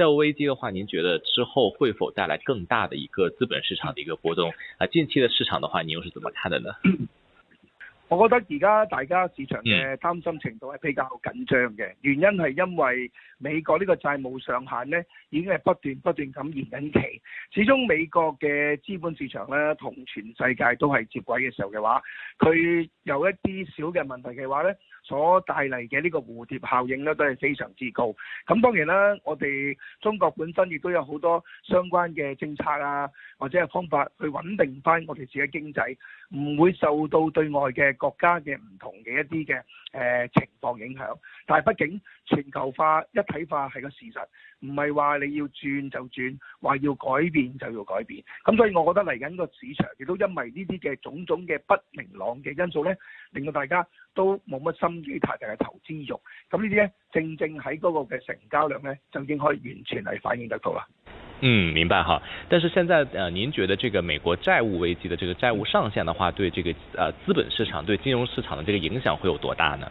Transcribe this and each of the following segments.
債務危機的話，您覺得之後會否帶來更大的一個資本市場的一個波動？啊，近期的市場的話，你又是怎麼看的呢？我覺得而家大家市場嘅擔心程度係比較緊張嘅，嗯，原因係因為美國呢個債務上限呢已經係不斷不斷咁延緊期。始終美國嘅資本市場呢，同全世界都係接軌嘅時候嘅話，佢有一啲小嘅問題嘅話呢。所帶嚟嘅呢個蝴蝶效應咧，都係非常之高。咁當然啦，我哋中國本身亦都有好多相關嘅政策啊，或者係方法去穩定翻我哋自己的經濟，唔會受到對外嘅國家嘅唔同嘅一啲嘅。誒、呃，情況影響，但係畢竟全球化一體化係個事實，唔係話你要轉就轉，話要改變就要改變。咁所以，我覺得嚟緊個市場亦都因為呢啲嘅種種嘅不明朗嘅因素呢，令到大家都冇乜心機，太大嘅投資慾。咁呢啲呢，正正喺嗰個嘅成交量呢，就已經可以完全係反映得到啦。嗯，明白哈。但是現在，呃，您覺得這個美國債務危機的這個債務上限的話，對這個呃資本市場、對金融市場的這個影響會有多大呢？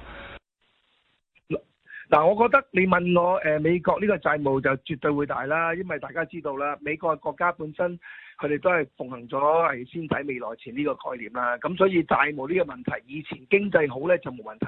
嗱、呃，我覺得你問我，誒、呃，美國呢個債務就絕對會大啦，因為大家知道啦，美國國家本身佢哋都係奉行咗係先使未來錢呢個概念啦，咁所以債務呢個問題，以前經濟好咧就冇問題。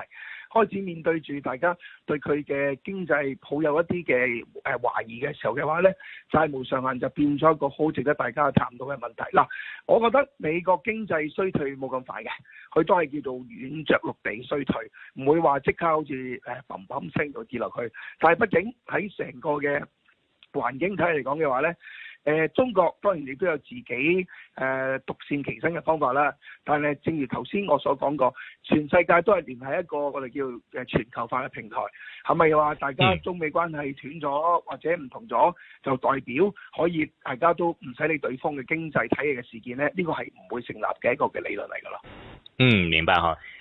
開始面對住大家對佢嘅經濟抱有一啲嘅誒懷疑嘅時候嘅話呢，債務上限就變咗一個好值得大家探討嘅問題。嗱，我覺得美國經濟衰退冇咁快嘅，佢都係叫做軟着陸地衰退，唔會話即刻好似誒、呃、砰砰聲就跌落去。但係畢竟喺成個嘅環境睇嚟講嘅話呢。誒、呃，中國當然亦都有自己誒、呃、獨善其身嘅方法啦，但係正如頭先我所講過，全世界都係連繫一個我哋叫誒全球化嘅平台，係咪話大家中美關係斷咗或者唔同咗，就代表可以大家都唔使理對方嘅經濟體系嘅事件呢？呢、呢個係唔會成立嘅一個嘅理論嚟噶咯。嗯，明白吓。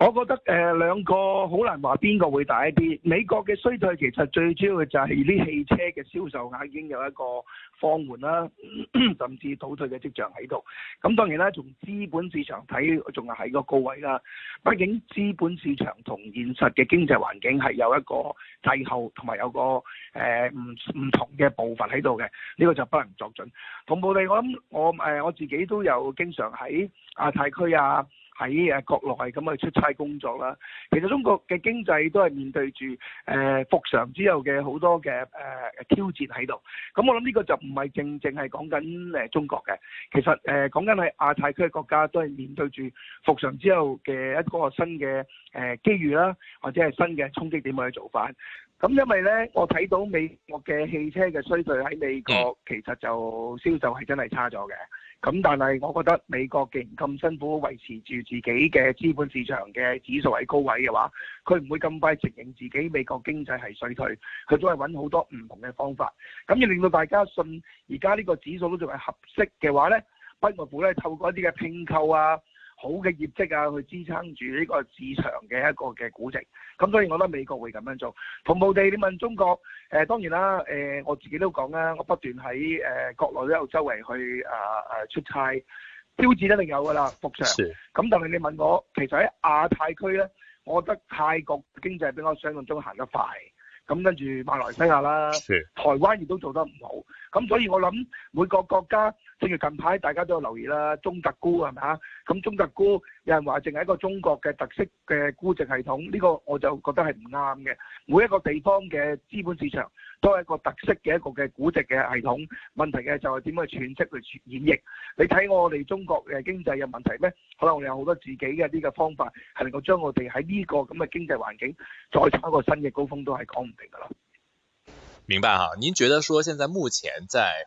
我覺得誒兩、呃、個好難話邊個會大一啲。美國嘅衰退其實最主要嘅就係啲汽車嘅銷售額已經有一個放緩啦，甚至倒退嘅跡象喺度。咁、嗯、當然啦，從資本市場睇，仲係喺個高位啦。畢竟資本市場同現實嘅經濟環境係有一個滯後，還有一個呃、不不同埋有個誒唔唔同嘅部分喺度嘅。呢、這個就不能作準。同步地，我諗我誒、呃、我自己都有經常喺亞太區啊。喺誒國內咁去出差工作啦。其實中國嘅經濟都係面對住誒復常之後嘅好多嘅誒挑戰喺度。咁我諗呢個就唔係淨淨係講緊誒中國嘅，其實誒講緊係亞太區嘅國家都係面對住復常之後嘅一個新嘅誒機遇啦，或者係新嘅衝擊點去做法。咁因為咧，我睇到美國嘅汽車嘅衰退喺美國其實就銷售係真係差咗嘅。咁但係，我覺得美國既然咁辛苦維持住自己嘅資本市場嘅指數喺高位嘅話，佢唔會咁快承認自己美國經濟係衰退，佢都係揾好多唔同嘅方法，咁要令到大家信而家呢個指數都仲係合適嘅話呢，不外乎透過一啲嘅併購啊。好嘅業績啊，去支撐住呢個市場嘅一個嘅估值。咁所以，我覺得美國會咁樣做。同步地，你問中國，誒當然啦，誒我自己都講啦，我不斷喺誒國內一路周圍去啊啊出差，挑戰一定有㗎啦，復常。是。咁但係你問我，其實喺亞太區咧，我覺得泰國經濟比我想像中行得快。咁跟住馬來西亞啦，是。台灣亦都做得唔好。咁所以我諗每個國家。跟住近排大家都有留意啦，中特估係咪啊？咁中特估有人話淨係一個中國嘅特色嘅估值系統，呢個我就覺得係唔啱嘅。每一個地方嘅資本市場都係一個特色嘅一個嘅估值嘅系統，問題嘅就係點樣去詮釋去演繹。你睇我哋中國嘅經濟嘅問題咧，可能我哋有好多自己嘅呢個方法，係能夠將我哋喺呢個咁嘅經濟環境再創一個新嘅高峰都係講唔定嘅咯。明白吓，您覺得說現在目前在？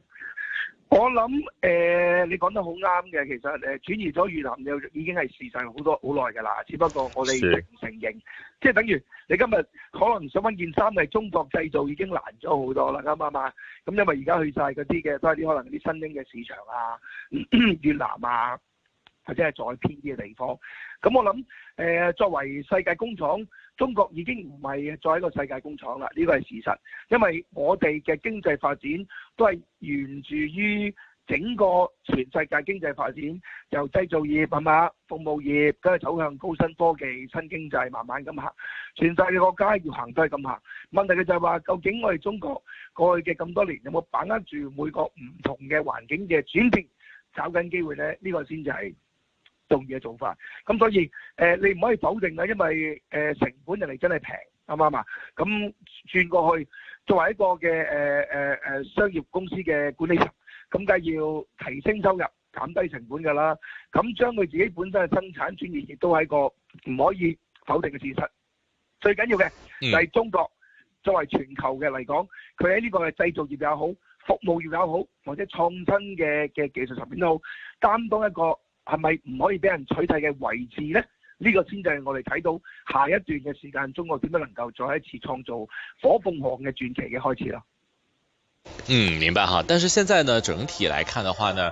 我諗誒、呃，你講得好啱嘅，其實誒、呃、轉移咗越南又已經係時勢好多好耐㗎啦，只不過我哋唔承認，的即係等於你今日可能想揾件衫係中國製造已經難咗好多啦，啱唔啱啊？咁因為而家去晒嗰啲嘅都係啲可能啲新興嘅市場啊、 越南啊，或者係再偏啲嘅地方。咁我諗、呃、作為世界工廠。中國已經唔係再一個世界工廠啦，呢個係事實。因為我哋嘅經濟發展都係源住於整個全世界經濟發展，由製造業係嘛，服務業，跟住走向高新科技新經濟，慢慢咁行。全世界國家要行都係咁行。問題嘅就係話，究竟我哋中國過去嘅咁多年有冇把握住每個唔同嘅環境嘅轉變，找緊機會呢？呢個先至係。重要嘅做法，咁所以誒你唔可以否定嘅，因為誒成本人哋真係平，啱唔啱啊？咁轉過去作為一個嘅誒誒誒商業公司嘅管理層，咁梗係要提升收入、減低成本㗎啦。咁將佢自己本身嘅生產轉移，亦都係一個唔可以否定嘅事實。最緊要嘅就係中國作為全球嘅嚟講，佢喺呢個嘅製造業又好、服務業又好，或者創新嘅嘅技術層面都好，擔當一個係咪唔可以俾人取締嘅位置咧？呢、這個先至係我哋睇到下一段嘅時間中國點樣能夠再一次創造火鳳凰嘅傳奇嘅開始咯。嗯，明白哈。但係現在呢，整體來看嘅話呢？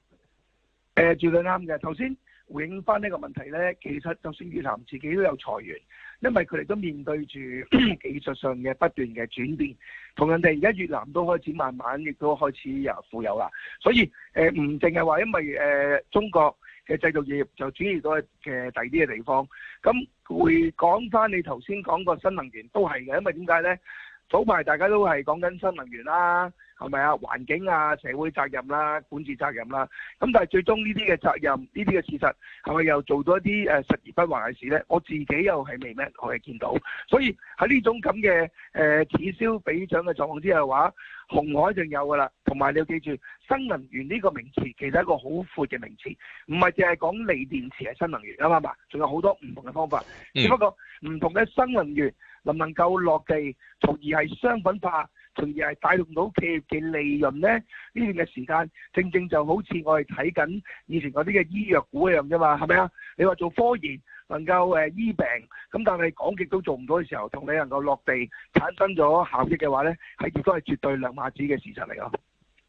誒、呃、絕對啱嘅。頭先回應翻呢個問題呢，其實就算越南自己都有裁員，因為佢哋都面對住 技術上嘅不斷嘅轉變，同人哋而家越南都開始慢慢亦都開始有富有啦。所以誒，唔淨係話因為、呃、中國嘅製造業就轉移到嘅第二啲嘅地方，咁會講翻你頭先講過新能源都係嘅，因為點解呢？早排大家都係講緊新能源啦。係咪啊？環境啊，社會責任啦、啊，管治責任啦、啊，咁但係最終呢啲嘅責任，呢啲嘅事實係咪又做咗一啲實而不華嘅事咧？我自己又係未咩，我係見到。所以喺呢種咁嘅誒此消彼長嘅狀況之下，話紅海一定有㗎啦。同埋你要記住，新能源呢個名詞其實係一個好闊嘅名詞，唔係淨係講鋰電池係新能源啊嘛嘛，仲有好多唔同嘅方法。嗯、只不過唔同嘅新能源能唔能夠落地，從而係商品化？從而係帶動到企業嘅利潤咧，呢段嘅時間正正就好似我哋睇緊以前嗰啲嘅醫藥股一樣啫嘛，係咪啊？你話做科研能夠誒、呃、醫病，咁但係講極都做唔到嘅時候，同你能夠落地產生咗效益嘅話咧，係亦都係絕對兩碼子嘅事實嚟咯。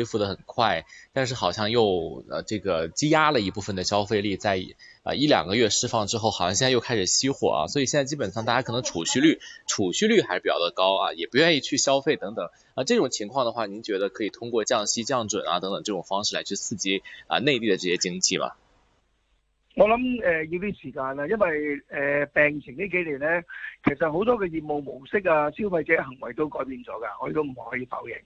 恢復得很快，但是好像又呃這個積壓了一部分的消費力在，在、呃、啊一兩個月釋放之後，好像現在又開始熄火啊，所以現在基本上大家可能儲蓄率儲蓄率還是比較的高啊，也不願意去消費等等啊、呃、這種情況的話，您覺得可以通過降息降準啊等等這種方式來去刺激啊、呃、內地的這些經濟嗎？我諗誒要啲時間啊，因為誒、呃、病情呢幾年呢，其實好多嘅業務模式啊、消費者行為都改變咗㗎，我亦都唔可以否認。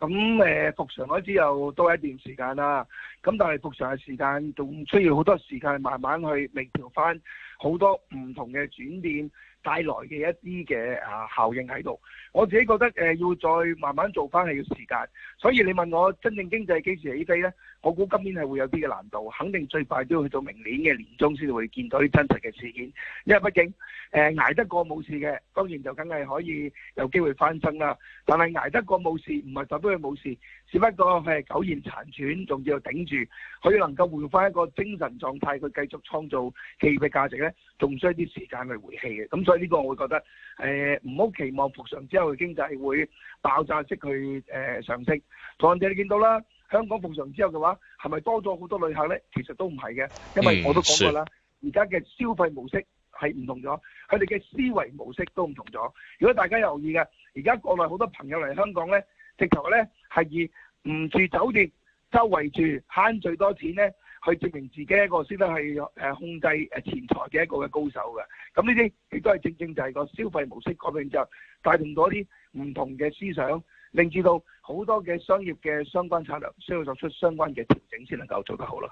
咁誒、呃、復常之後都係一段時間啦，咁但係復常嘅時間仲需要好多時間慢慢去微調返好多唔同嘅轉變。帶來嘅一啲嘅啊效應喺度，我自己覺得誒、呃、要再慢慢做翻係要時間，所以你問我真正經濟幾時起飛呢？我估今年係會有啲嘅難度，肯定最快都要去到明年嘅年終先至會見到啲真實嘅事件，因為畢竟誒、呃、捱得過冇事嘅，當然就梗係可以有機會翻身啦。但係捱得過冇事，唔係代表佢冇事。只不過佢係苟延殘喘，仲要頂住，佢能夠換翻一個精神狀態，佢繼續創造企業嘅價值咧，仲需啲時間去回氣嘅。咁所以呢個我會覺得，誒唔好期望復常之後嘅經濟會爆炸式去誒、呃、上升。同樣你見到啦，香港復常之後嘅話，係咪多咗好多旅客咧？其實都唔係嘅，因為我都講過啦，而家嘅消費模式係唔同咗，佢哋嘅思維模式都唔同咗。如果大家留意嘅，而家國內好多朋友嚟香港咧。直頭咧係以唔住酒店，周圍住慳最多錢咧，去證明自己一個先得係誒，控制誒錢財嘅一個嘅高手嘅。咁呢啲亦都係正正就係個消費模式改變就帶動咗啲唔同嘅思想，令至到。好多嘅商業嘅相關策略需要作出相關嘅調整先能夠做得好了。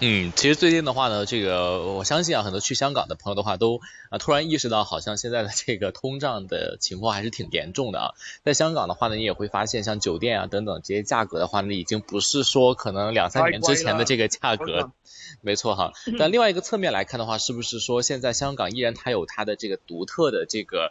嗯，其實最近的話呢，這個我相信啊，很多去香港的朋友的話都啊突然意識到，好像現在的這個通脹的情況還是挺嚴重的啊。在香港的話呢，你也會發現像酒店啊等等這些價格的話呢，已經不是說可能兩三年之前的這個價格。沒錯哈。但另外一個側面來看的話， 是不是說現在香港依然它有它的這個獨特的這個？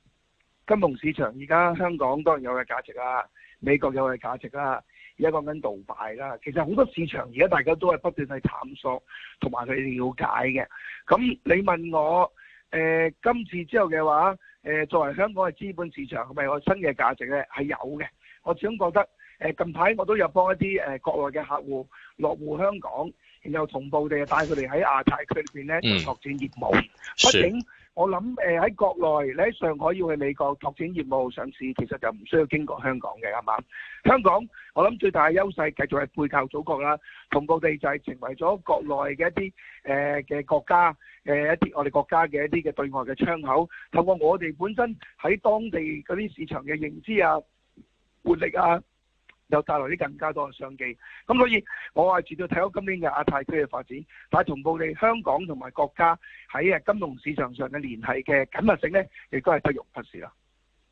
金融市場而家香港當然有嘅價值啦，美國有嘅價值啦，而家講緊杜拜啦，其實好多市場而家大家都係不斷去探索同埋去了解嘅。咁你問我，誒、呃、今次之後嘅話，誒、呃、作為香港嘅資本市場，係咪有新嘅價值咧？係有嘅。我始終覺得，誒、呃、近排我都有幫一啲誒、呃、國內嘅客戶落戶香港，然後同步地帶佢哋喺亞太區裏邊咧拓展業務。畢竟是我諗誒喺國內，你喺上海要去美國拓展業務上市，其實就唔需要經過香港嘅，係嘛？香港我諗最大嘅優勢繼續係背靠祖國啦，同過地仔成為咗國內嘅一啲誒嘅國家，誒一啲我哋國家嘅一啲嘅對外嘅窗口，透過我哋本身喺當地嗰啲市場嘅認知啊、活力啊。就帶來更加多嘅商機，咁所以我係絕對睇好今年嘅亞太區嘅發展，但係同步你香港同埋國家喺金融市場上嘅聯繫嘅緊密性呢，也亦都係不容忽視啦。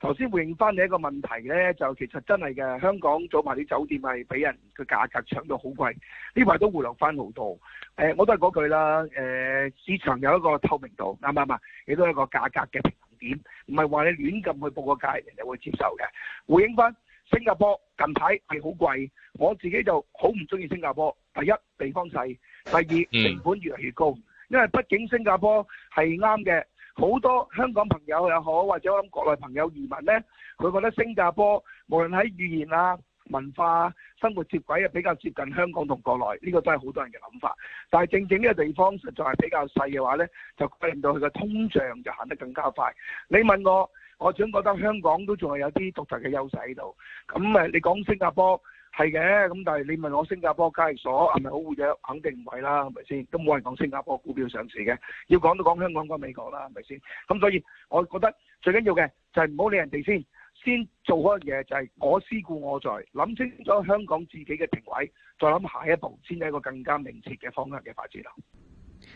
頭先回應翻你一個問題呢，就其實真係嘅，香港早排啲酒店係俾人嘅價格搶到好貴，呢排都回落翻好多。誒、呃，我都係嗰句啦，誒、呃、市場有一個透明度，啱唔啱？亦都有一個價格嘅平衡點，唔係話你亂咁去報個價，人哋會接受嘅。回應翻新加坡近排係好貴，我自己就好唔中意新加坡，第一地方細，第二成本越嚟越高，嗯、因為畢竟新加坡係啱嘅。好多香港朋友又好，或者我諗國內朋友移民呢，佢覺得新加坡無論喺語言啊、文化啊、生活接軌啊，比較接近香港同國內，呢個都係好多人嘅諗法。但係正正呢個地方實在係比較細嘅話呢，就令到佢嘅通脹就行得更加快。你問我，我總覺得香港都仲係有啲獨特嘅優勢喺度。咁誒，你講新加坡？係嘅，咁但係你問我新加坡交易所係咪好活躍？肯定唔係啦，係咪先？都冇人講新加坡股票上市嘅，要講都講香港講美國啦，係咪先？咁所以我覺得最緊要嘅就係唔好理人哋先，先做開嘅嘢，就係我思故我在，諗清楚香港自己嘅定位，再諗下一步先係一個更加明智嘅方向嘅發展啦。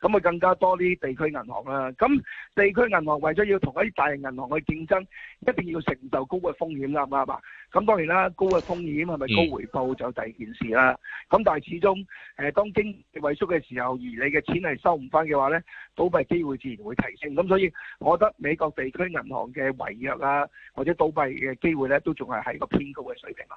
咁咪更加多啲地區銀行啦，咁地區銀行為咗要同一啲大型銀行去競爭，一定要承受高嘅風險啦，啱唔啱啊？咁當然啦，高嘅風險係咪高回報就第二件事啦。咁但係始終，誒當經濟萎縮嘅時候，而你嘅錢係收唔翻嘅話咧，倒閉機會自然會提升。咁所以，我覺得美國地區銀行嘅違約啊，或者倒閉嘅機會咧，都仲係喺個偏高嘅水平咯。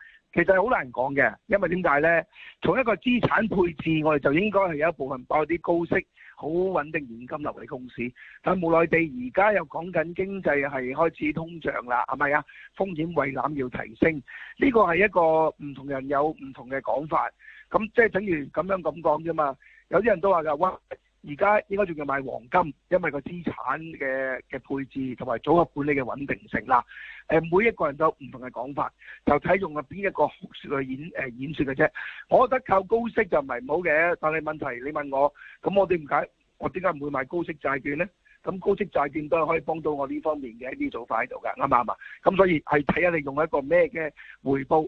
其實好難講嘅，因為點解呢？從一個資產配置，我哋就應該係有一部分包啲高息、好穩定現金流嘅公司。但無奈地，而家又講緊經濟係開始通脹啦，係咪啊？風險位攬要提升，呢個係一個唔同人有唔同嘅講法。咁即係等於咁樣咁講啫嘛。有啲人都話嘅哇。而家應該仲要買黃金，因為個資產嘅嘅配置同埋組合管理嘅穩定性啦。誒，每一個人都有唔同嘅講法，就睇用入邊一個嚟演誒演説嘅啫。我覺得靠高息就唔係唔好嘅，但係問題你問我，咁我點解，我點解唔會買高息債券咧？咁高息債券都係可以幫到我呢方面嘅一啲做法喺度㗎，啱唔啱啊？咁所以係睇下你用一個咩嘅回報。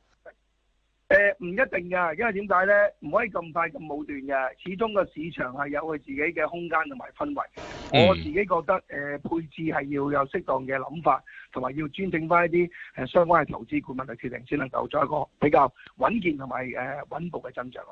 誒，唔、呃、一定噶，因為點解咧？唔可以咁快咁武斷噶，始終個市場係有佢自己嘅空間同埋氛圍。嗯、我自己覺得，誒、呃，配置係要有適當嘅諗法，同埋要尊重翻一啲誒、呃、相關嘅投資顧問嚟，決定，先能夠做一個比較穩健同埋誒穩步嘅增長啊。